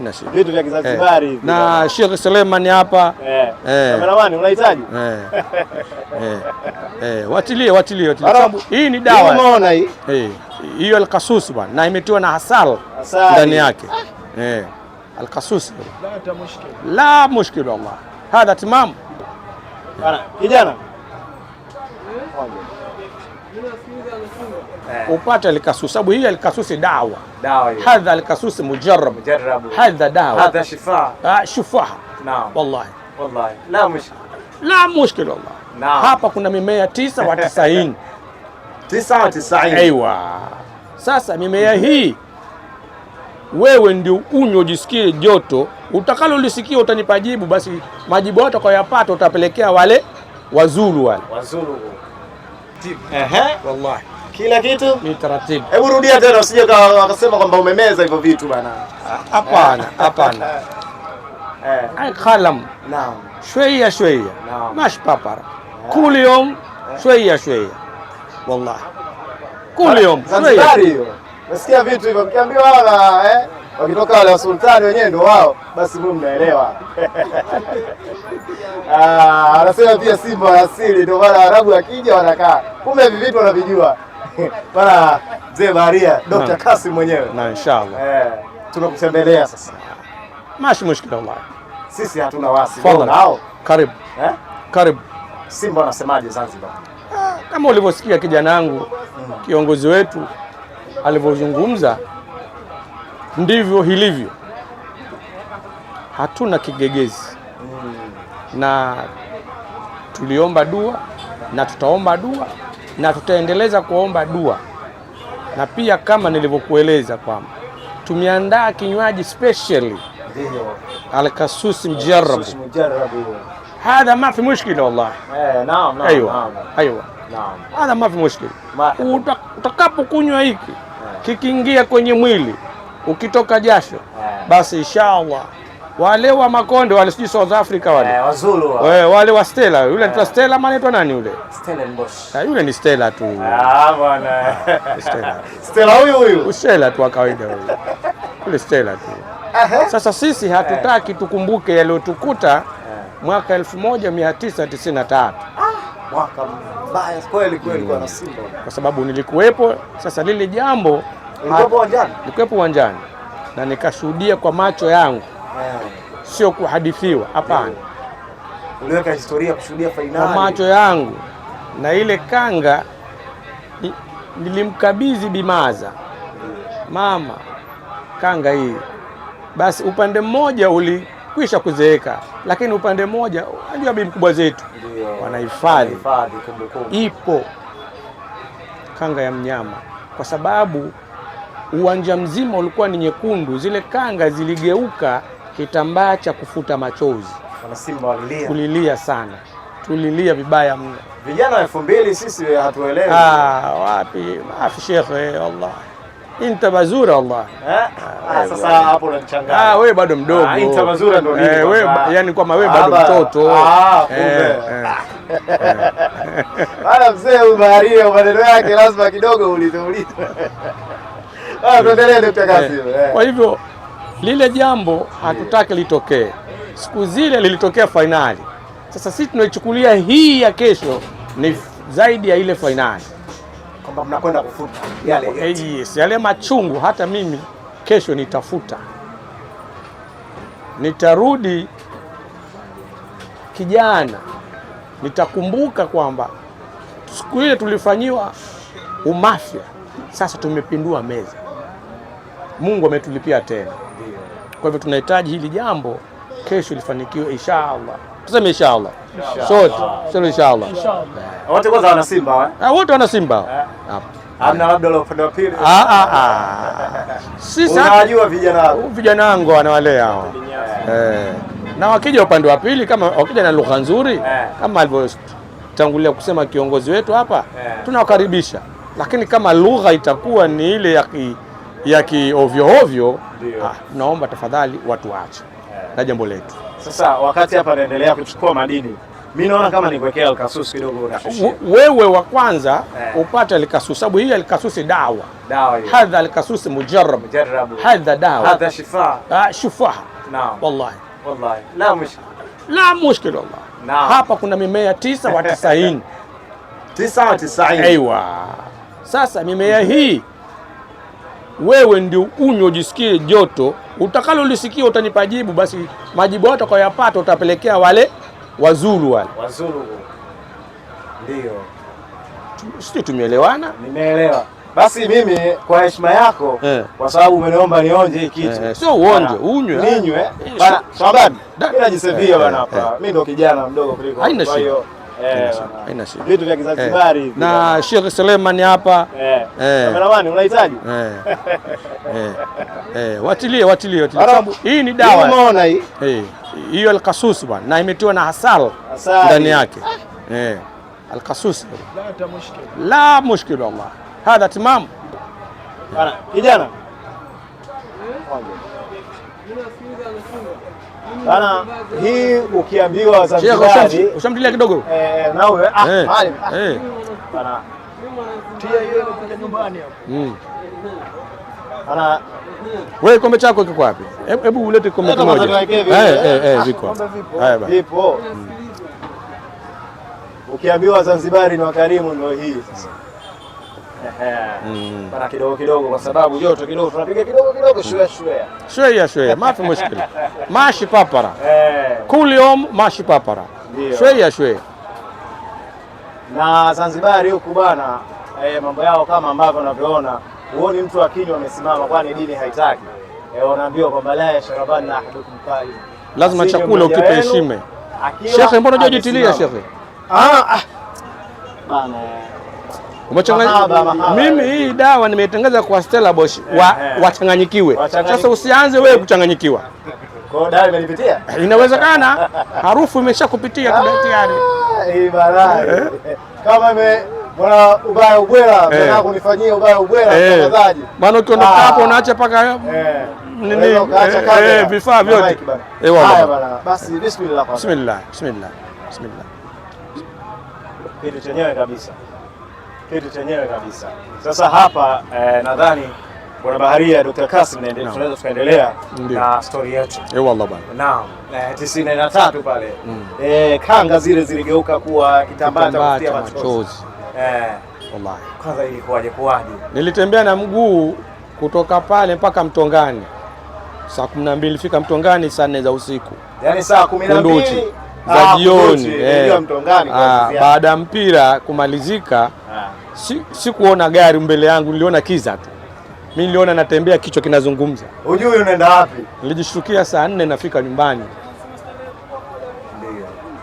haina shida. Vitu vya Kizanzibari eh. hivi. Na Sheikh Suleiman hapa. Eh. Eh. Kameramani unahitaji? Eh. Eh. Eh, Watilie, watilie, watilie. Hii ni dawa. Unaona hii? Eh. Hiyo al alkasusi bwana na imetiwa na hasal ndani yake. Eh. al Alkasusi. La mushkil. La mushkil wallah. Hadha tamam. Bana, kijana. Eh eh, upate alikasusi, sababu hii alikasusi dawa dawa, hiyo hadha alikasusi mujarrab mujarrab, hadha dawa, hadha shifa ah, shifa. Naam, wallahi wallahi, la mushkil la mushkil wallahi. Naam, hapa kuna mimea tisa wa tisaini tisa Aiwa, sasa mimea hii wewe ndio unywe jisikie joto utakalolisikia, utanipa jibu. Basi majibu yote utakayopata utapelekea wale wazulu wale tip Ehe, wallahi kila kitu ni taratibu. Hebu rudia tena, usije akasema kwamba umemeza hivyo vitu bana. Hapana, eh. hapana. Eh, khalam. Naam. Shweya shweya. Naam. Mash papara. Eh. Kuli yom eh. shweya shweya. Wallahi. Kuli yom shweya. Nasikia vitu hivyo mkiambiwa wala eh wakitoka wale wasultani wenyewe ndio wao, basi mimi mnaelewa. Ah, anasema pia Simba asili, ndio wale Arabu akija wanakaa. Kumbe hivi vitu wanavijua. bwana mzee Baharia Dr. Kasim mwenyewe, na inshallah eh, tunakutembelea sasa. Mashi mushkila Allah sisi hatuna wasi nao. Karibu eh? Karibu. Simba anasemaje Zanzibar? Ah, kama ulivyosikia kijana wangu mm. kiongozi wetu alivyozungumza ndivyo hilivyo, hatuna kigegezi mm. na tuliomba dua na tutaomba dua na tutaendeleza kuomba dua, na pia kama nilivyokueleza kwamba tumeandaa kinywaji specially alkasusi mjarabu hadha ma fi mushkila wallahi. Eh, naam naam. Aywa. Aywa. Naam. Hadha ma fi mushkila. Utakapokunywa hiki eh. kikiingia kwenye mwili ukitoka jasho, eh. basi insha Allah wale wa Makonde wale sijui South Africa wale. Eh, Wazulu wale. Eh, wale wa Stella, yule eh. anaitwa Stella maana anaitwa nani yule? Stella Mbosh. Ah, eh, yule ni Stella tu. Ah, bwana. Stella. Stella huyu huyu. Stella tu wa kawaida huyu. Yule Stella tu. Aha. Sasa sisi eh. hatutaki tukumbuke yaliyotukuta mwaka 1993. Ah, mwaka mbaya kweli kweli kwa Simba. Kwa sababu nilikuwepo, sasa lile jambo nilikuwepo uwanjani. Nilikuwepo uwanjani na nikashuhudia kwa macho yangu sio kuhadithiwa, hapana. Uliweka historia kushuhudia fainali kwa macho yangu, na ile kanga nilimkabidhi Bimaza, mama, kanga hii basi. Upande mmoja ulikwisha kuzeeka, lakini upande mmoja unajua, bibi mkubwa zetu wanahifadhi, ipo kanga ya mnyama kwa sababu uwanja mzima ulikuwa ni nyekundu, zile kanga ziligeuka kitambaa cha kufuta machozi. Wanasimba walilia, tulilia sana, tulilia vibaya mno. Vijana elfu mbili sisi hatuelewi. Ah, wapi mafi shekhe, wallahi inta bazura Eh? Ah, ah sasa hapo unanichanganya. Ah, wewe bado mdogo. Ah, inta bazura ndio nini? Eh, wewe yani kwa wewe ah, bado mtoto. Ah, eh, kumbe. Eh. Bana mzee huyu baharia maneno yake lazima kidogo ulizouliza. Ah, tuendelee ndio tutakazi. Kwa hivyo lile jambo hatutaki litokee. Siku zile lilitokea fainali. Sasa sisi tunaichukulia hii ya kesho ni zaidi ya ile fainali, kwamba mnakwenda kufuta yale eh, yes, yale machungu. Hata mimi kesho nitafuta, nitarudi kijana, nitakumbuka kwamba siku ile tulifanyiwa umafya. Sasa tumepindua meza, Mungu ametulipia tena. Kwa hivyo tunahitaji hili jambo kesho lifanikiwe inshaallah. Tuseme inshaallah sote, sio inshaallah. Wote kwanza wana Simba eh, wote wana Simba eh. ah. hamna labda la upande wa pili. Ah ah ah, sisi tunajua vijana wangu, uh, vijana wangu wanawalea hao eh, na wakija upande wa pili, kama wakija na lugha nzuri eh. kama alivyotangulia kusema kiongozi wetu hapa, eh. tunawakaribisha, lakini kama lugha itakuwa ni ile ya ya kiovyo ovyo, ah, naomba tafadhali watu waache eh. na jambo letu. Sasa wakati hapa naendelea kuchukua madini, mimi naona kama nikuwekea alkasusi kidogo, unashushia wewe wa kwanza eh, upate alkasusi, sababu hii alkasusi dawa, dawa hiyo. Hadha alkasusi mujarrab, mujarrab. Hadha dawa, hadha shifa, ah shifa. Naam, wallahi wallahi, la mushkil, la mushkil wallahi. Naam, hapa kuna mimea tisa wa tisaini, tisa wa tisaini. Aiwa, sasa mimea hii wewe ndio unywe ujisikie joto, utakalolisikia utanipa jibu. Basi majibu hayo utakayoyapata utapelekea wale wazulu wale wazulu. Ndio sisi tumeelewana? Nimeelewa. Basi mimi kwa heshima yako eh. kwa sababu umeniomba nionje hii kitu eh, sio uonje, unywe ninywe eh, bana, shambani mimi bana hapa, mimi ndo kijana mdogo kuliko, kwa hiyo Eh, haina shida. Vitu vya Kizanzibari eh. Na Sheikh Selemani hapa. Eh. eh. Kameramani unahitaji? eh. Eh. Watilie, watilie, watilie. Hii ni dawa. Umeona hii? Eh. Hiyo alkasus bwana na imetiwa na hasal ndani yake. Eh. Alkasus. La mushkil wallah. Hadha tamam. Bana, kijana. Bana, hii ukiambiwa Zanzibar ushamtilia kidogo eh, eh, ah, eh ah, eh bana, tia hiyo inakuja nyumbani hapo mm. Bana, wewe kombe chako kiko wapi? Hebu ulete kombe kimoja. Eh, eh eh eh, viko haya bana, vipo. Mm. Ukiambiwa Wazanzibari ni wakarimu, ndio hii sasa Bana kidogo kidogo kwa sababu joto kidogo tunapiga kidogo kidogo shwea shwea. Shwea shwea. Mafi mushkila. Mashi papara. Kuli mashi papara. Shwea shwea. Na Zanzibari huku bana eh, mambo yao kama ambavyo unavyoona, huoni mtu akinywa amesimama, kwani dini haitaki. Eh, wanaambiwa kwamba la yashrabana na ahadukum qa'im. Lazima chakula ukipe heshima. Shekhe, mbona unajitilia shekhe? Ah, ah. Bana umechanganya. Mimi hii dawa nimeitangaza kwa Stella Bosch wa, wachanganyikiwe. Sasa usianze wewe kuchanganyikiwa. Kwa dawa imenipitia? Eh, inawezekana harufu imeshakupitia kwa ah, tayari. Eh, baraka. Kama ime bwana ubaya ubwela, eh. bwana kunifanyia ubaya ubwela eh. mtazamaji. Bwana ukiondoka hapo ah. unaacha paka nini eh, vifaa vyote. Eh, haya bwana. Basi bismillah. Bismillah. Bismillah. Bismillah. Kitu chenyewe kabisa kitu chenyewe kabisa. Sasa hapa eh, nadhani Bwana Baharia Dr. Kasim tunaweza tukaendelea na story yetu. Eh, wallah bwana. Naam. Eh, tisini na tatu pale mm. eh, kanga zile ziligeuka kuwa kitambaa cha kutia machozi. Eh, wallahi. Kwanza ilikuwaje kuwaje? Nilitembea na mguu kutoka pale mpaka Mtongani saa kumi na mbili fika Mtongani saa nne za usiku, yaani saa kumi na mbili za ah, jioni, eh. ah, baada ya mpira kumalizika si, si kuona gari mbele yangu, niliona kiza tu. Mimi niliona natembea, kichwa kinazungumza, hujui unaenda wapi. Nilijishtukia saa nne nafika nyumbani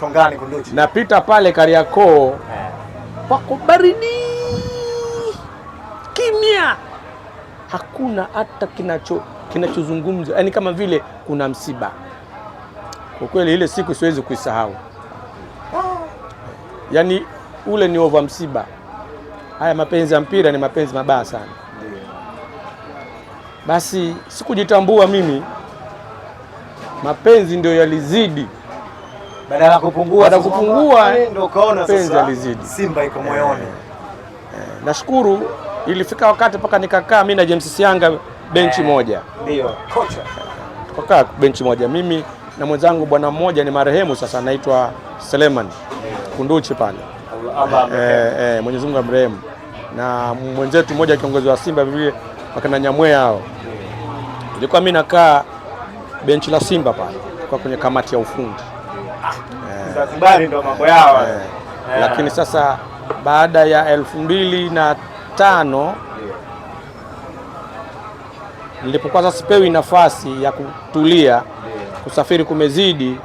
Tongani Kunduchi, napita pale Kariakoo pako baridi kimya, hakuna hata kinacho kinachozungumza, yani, kama vile kuna msiba. Kwa kweli ile siku siwezi kuisahau, yani ule ni ova msiba haya mapenzi ya mpira ni mapenzi mabaya sana. Basi sikujitambua mimi, mapenzi ndio yalizidi badala kupungua, kupungua, kupungua ndio kaona mapenzi yalizidi. Simba iko moyoni. Eh, eh, eh. Nashukuru ilifika wakati mpaka nikakaa mimi na James Sianga benchi moja, ndio kocha tukakaa benchi moja, mimi na mwenzangu bwana mmoja ni marehemu sasa, anaitwa Seleman Kunduchi pale, Mwenyezi Mungu amrehemu na mwenzetu mmoja kiongozi wa Simba vile wakina Nyamwea hao. Nilikuwa mimi nakaa benchi la Simba pale kwa kwenye kamati ya ufundi eh. Zanzibar, ndio mambo yao. Eh. Lakini sasa baada ya elfu mbili na tano nilipokuwa sasa sipewi nafasi ya kutulia, kusafiri kumezidi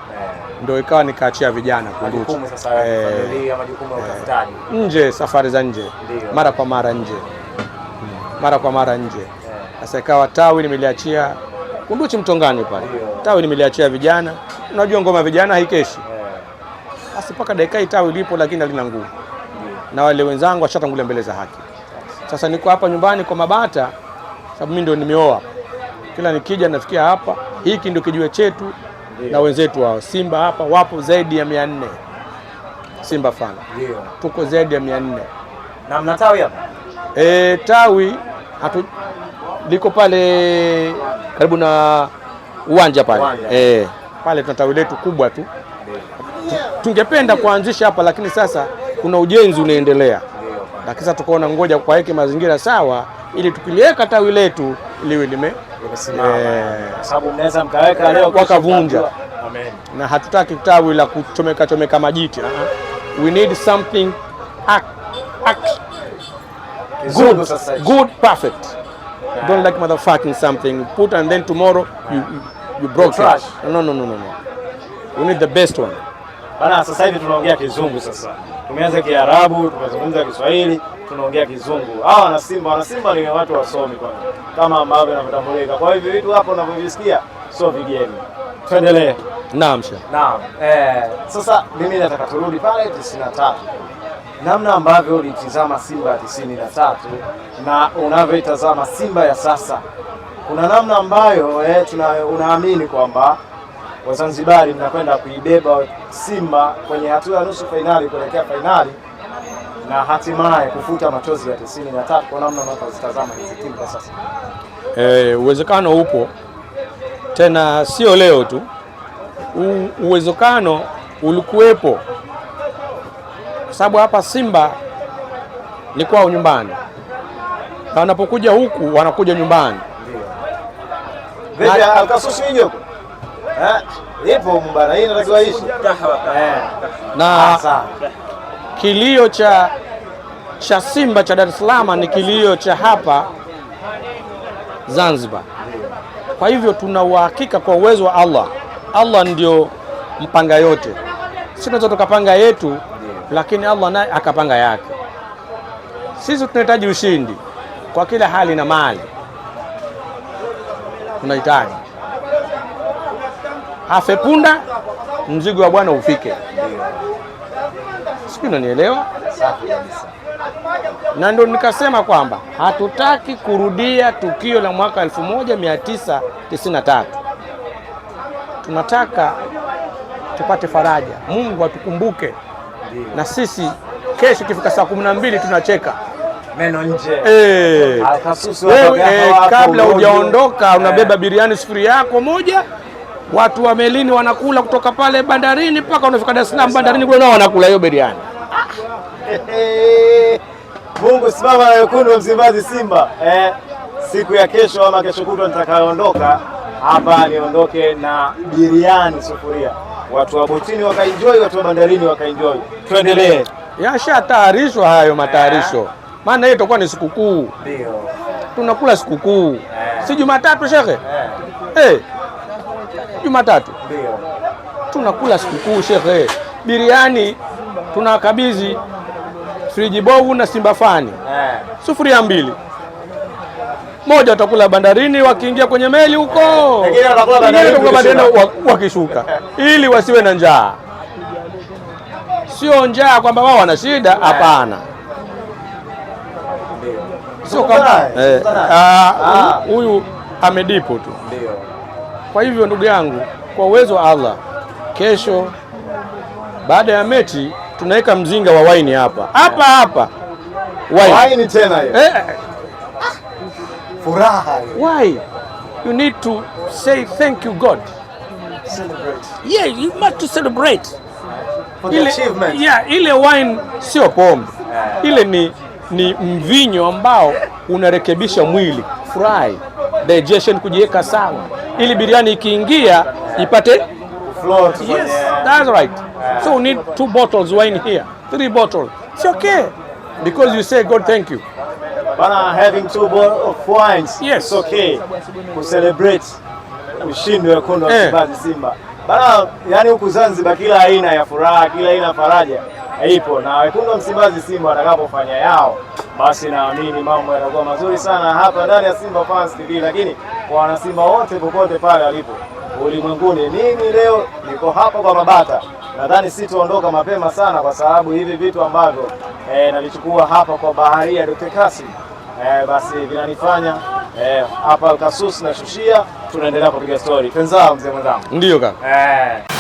ndio ikawa nikaachia vijana kurudi eh, eh, nje, safari za nje, mara kwa mara nje, mara kwa mara nje. Eh. Sasa ikawa tawi nimeliachia Kunduchi Mtongani pale, tawi nimeliachia vijana. Unajua ngoma vijana haikeshi basi mpaka dakika hii tawi lipo, lakini halina nguvu, na wale wenzangu washatangulia mbele za haki. Sasa niko hapa nyumbani kwa Mabata sababu mimi ndio nimeoa, kila nikija nafikia hapa, hiki ndio kijiwe chetu na wenzetu wao Simba hapa wapo zaidi ya mia nne Simba fana tuko zaidi ya mia nne na mna tawi hapa e, tawi hatu liko pale karibu na uwanja pale e, pale tuna tawi letu kubwa tu tungependa kuanzisha hapa lakini sasa kuna ujenzi unaendelea, lakini sasa tukaona ngoja kwa mazingira sawa, ili tukiliweka tawi letu liwe lime Eh. wakavunja na hatutaki tawi la kuchomeka chomeka majiti. We need something Good, good, perfect. Don't like motherfucking something put and then tomorrow you, you broke it. No, no, no, no, no. We need the best one. Bana, sasa hivi tunaongea kizungu sasa. Tumeanza Kiarabu, tumezungumza Kiswahili tunaongea kizungu. Hawa wanasimba, wanasimba ni watu wasomi kwa kama ambavyo navyotambulika Kwa hivyo vitu hapo unavyovisikia sio vigeni. Tuendelee. Naam, sha. Naam. Eh, sasa mimi nataka turudi pale 93. tatu namna ambavyo ulitizama Simba ya tisini na tatu na unavyoitazama Simba ya sasa, kuna namna ambayo eh, tuna unaamini kwamba Wazanzibari mnakwenda kuibeba Simba kwenye hatua ya nusu fainali kuelekea fainali na hatimaye kufuta machozi ya 93 tatu kwa namna wanavyozitazama hizi timu kwa sasa. Eh, uwezekano upo tena, sio leo tu, uwezekano ulikuwepo kwa sababu hapa Simba ni kwao nyumbani, na wanapokuja huku wanakuja nyumbani. Na kilio cha, cha Simba cha Dar es Salaam ni kilio cha hapa Zanzibar. Kwa hivyo tuna uhakika kwa uwezo wa Allah, Allah ndio mpanga yote, sisi tunaweza tukapanga yetu, lakini Allah naye akapanga yake. Sisi tunahitaji ushindi kwa kila hali na mali, tunahitaji afe punda, mzigo wa bwana ufike sijui unanielewa? Na ndio nikasema kwamba hatutaki kurudia tukio la mwaka 1993 tunataka tupate faraja, Mungu atukumbuke na sisi kesho ikifika saa kumi na mbili tunacheka meno nje. E, kabla hujaondoka eh. unabeba biriani sufuri yako moja watu wa melini wanakula kutoka pale bandarini mpaka unafika Dar es Salaam bandarini kule nao wanakula hiyo biriani. Mungu simama na wekundu wa Msimbazi Simba eh, siku ya kesho ama kesho kutwa nitakayoondoka hapa niondoke na biriani sufuria, watu wa botini wakaenjoy, watu wa bandarini wakaenjoy. Tuendelee, yashatayarishwa hayo eh. matayarisho eh, maana hiyo itakuwa ni sikukuu, ndio tunakula sikukuu, eh, si Jumatatu shekhe eh. Hey. Eh. Jumatatu tunakula sikukuu shekhe, biriani tunakabidhi friji bovu na Simba fani eh. sufuria mbili, moja utakula bandarini wakiingia kwenye meli huko, bandarini wakishuka, ili wasiwe na njaa. Sio njaa kwamba wao wana shida, eh. hapana. Sio kama eh, ah, ah. huyu amedipo tu. Kwa hivyo ndugu yangu, kwa uwezo wa Allah, kesho baada ya mechi tunaweka mzinga wa waini hapa hapa hapa, waini tena hiyo eh. Furaha why you need to say thank you God, celebrate yeah, you must to celebrate for the ile, achievement yeah, ile wine sio pombe Yeah. ile ni, ni mvinyo ambao unarekebisha mwili. Furahi digestion, kujiweka sawa, ili biriani ikiingia ipate float. Yes, that's right. So we need two bottles wine here, three bottles. It's okay because you say God thank you. Bana, having two bottles of wines. Yes. It's okay. To celebrate ushindi wa wekundu wa eh. Simba Simba. Bana, yani huku Zanzibar kila aina ya furaha, kila aina faraja haipo, na wekundu wa Msimbazi Simba watakapofanya yao basi naamini mambo yatakuwa mazuri sana hapa ndani ya Simba Fans TV. Lakini kwa wanasimba wote popote pale walipo ulimwenguni, mimi leo niko hapa kwa Mabata, nadhani tuondoka mapema sana kwa sababu hivi vitu ambavyo e, nalichukua hapa kwa baharia Dr. Kasim e, eh, basi vinanifanya e, hapa Alkasus nashushia, tunaendelea kupiga story. Penzao mzee mwenzangu, ndio kaka eh.